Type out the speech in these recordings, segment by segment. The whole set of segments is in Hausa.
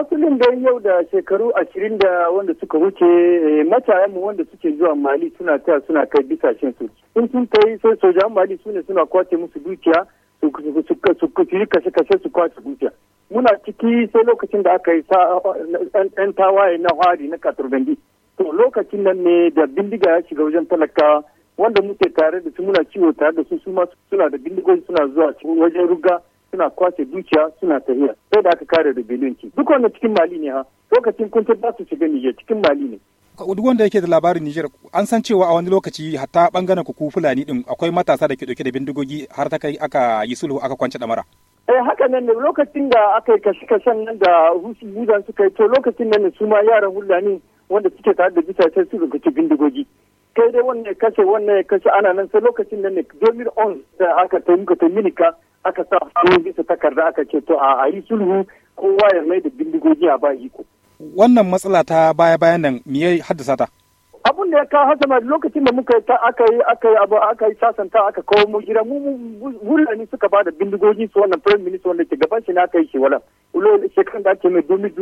asalin da yau da shekaru ashirin da wanda suka wuce eh, mu wanda suke zuwa mali suna taya suna kai bisashen su in sun kai sai sojan mali su ne suna kwace musu dukiya su yi kashe-kashe su kwace dukiya muna ciki sai lokacin da aka yi yan tawaye na hari na katurbandi to lokacin nan ne da bindiga ya shiga wajen talakawa wanda muke tare da su muna ciwo tare da su su suna da bindigoyi suna zuwa wajen ruga suna kwashe dukiya suna tahiya sai da aka kare rebellion duk wannan cikin mali ne ha lokacin kun ta su shiga Niger cikin mali ne duk wanda yake da labarin Nijar an san cewa a wani lokaci hatta bangaren kuku Fulani din akwai matasa da ke dauke da bindigogi har ta kai aka yi sulhu aka kwance damara. Eh haka nan lokacin da aka yi kashe-kashen nan da Husi Yudan suka yi to lokacin nan su ma yaran Fulani wanda suke tare da bisashen su rubuci bindigogi. Kai dai wannan kashe wannan kashe ana nan sai lokacin nan ne 2011 da aka ta taimaka ta minika aka sa hannu bisa takarda aka ce to a yi sulhu kowa ya mai da bindigogi a ba ko. Wannan matsala ta baya bayan nan me ya haddasa ta? abun da ya kawo hasama lokacin da muka aka yi aka yi abu aka yi sasanta aka kawo mu gida mu hulani suka bada bindigogi su wannan prime minister wanda ke gaban shi ne kai yi shi wala shekaran da ake mai domin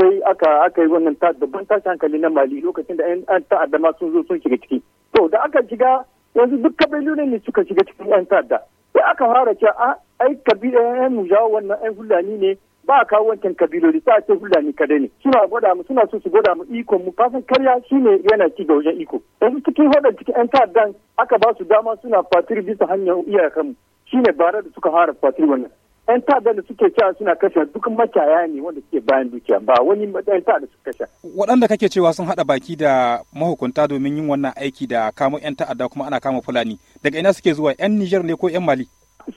sai aka aka yi wannan ta dabban tashi hankali na mali lokacin da an ta'adda ma sun zo sun shiga ciki to da aka shiga yanzu duk kabilu ne suka shiga cikin yan ta'adda sai aka fara cewa a ah, ai kabila yan mujawa wannan yan fulani ne ba a kawo wancan kabiloli ba a ce fulani kadai ne suna gwada mu suna so su gwada mu ikon mu fasan karya shine yana ci ga wajen iko yanzu cikin hodar cikin yan ta'addan aka ba su dama suna fatir bisa hanyar iyakan mu shine bara da suka fara fatir wannan yan ta'addan da suke cewa suna kashe duk makiyaya ne wanda suke bayan dukiya ba wani yan da suka kashe waɗanda kake cewa sun haɗa baki da mahukunta domin yin wannan aiki da kamo yan ta'adda kuma ana kama fulani daga ina suke zuwa yan Nijar ne ko yan Mali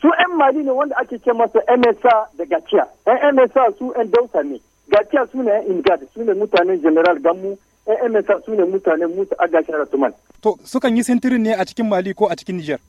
su 'yan mali ne wanda ake ce masa msa da gaciya yan msa su 'yan dausa ne gaciya su ne 'yan ingad su ne mutanen general gammu yan msa su ne mutanen a agashar ratuman to sukan yi sintirin ne a cikin mali ko a cikin niger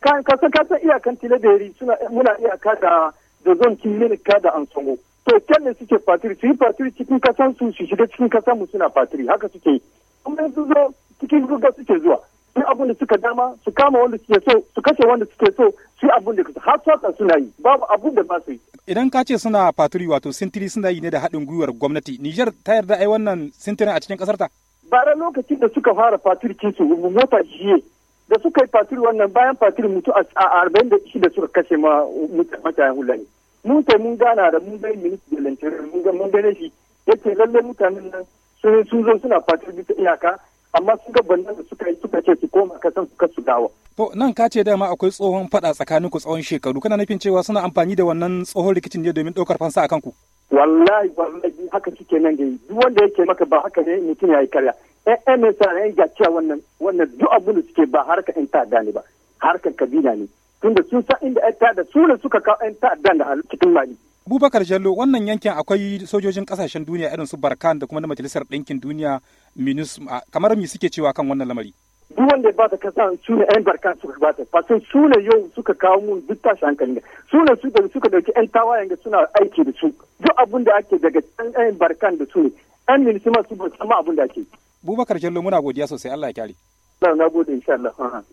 kan kasan kasan iyakan tiladeri suna muna iyaka da da zon kiminika da ansongo to kyan ne suke fatiri su yi fatiri cikin kasan su su shiga cikin kasan mu suna fatiri haka suke yi kuma su zo cikin gurga suke zuwa duk abin da suka dama su kama wanda suke so su kashe wanda suke so su abin da har sota suna yi babu abin da ba yi idan ka ce suna faturi wato sintiri suna yi ne da haɗin gwiwar gwamnati Nijar ta yarda ai wannan sintirin a cikin ƙasar ta bara lokacin da suka fara faturkin su mota jiye da suka yi faturi wannan bayan faturi mutu a arba'in da shida suka kashe ma mutanen hulani mun kai mun gana da mun bai minista da lantarki mun mun gane shi yake lalle mutanen nan sun zo suna faturi bisa iyaka amma su bandan da suka yi suka ce su koma kasan suka su dawo. To nan ka ce dama akwai tsohon faɗa tsakanin ku tsawon shekaru kana nufin cewa suna amfani da wannan tsohon rikicin ne domin ɗaukar fansa a ku. Wallahi wallahi haka suke nan da duk wanda yake maka ba haka ne mutum ya yi karya. Ɗan ne sa yin ga cewa wannan wannan duk abin da suke ba harkar ‘yan ta'adda ne ba harkar kabila ne. Tunda sun san inda ‘yan ta'adda su ne suka kawo ‘yan ta'adda da cikin Mali. Bubakar Jallo wannan yankin akwai sojojin kasashen duniya irin su Barkan da kuma na Majalisar Ɗinkin Duniya minus kamar mi suke cewa kan wannan lamari. Duk wanda ba ta kasa su ne 'yan Barkan suka gabata fasin su ne yau suka kawo mun duk tashi hankali su ne su da suka ɗauki ƴan tawayen ga suna aiki da su duk abin da ake daga ƴan ƴan Barkan da su ne ƴan minus ma su ba sama abin da ake. Bubakar Jallo muna godiya sosai Allah ya kyare. Na gode insha Allah.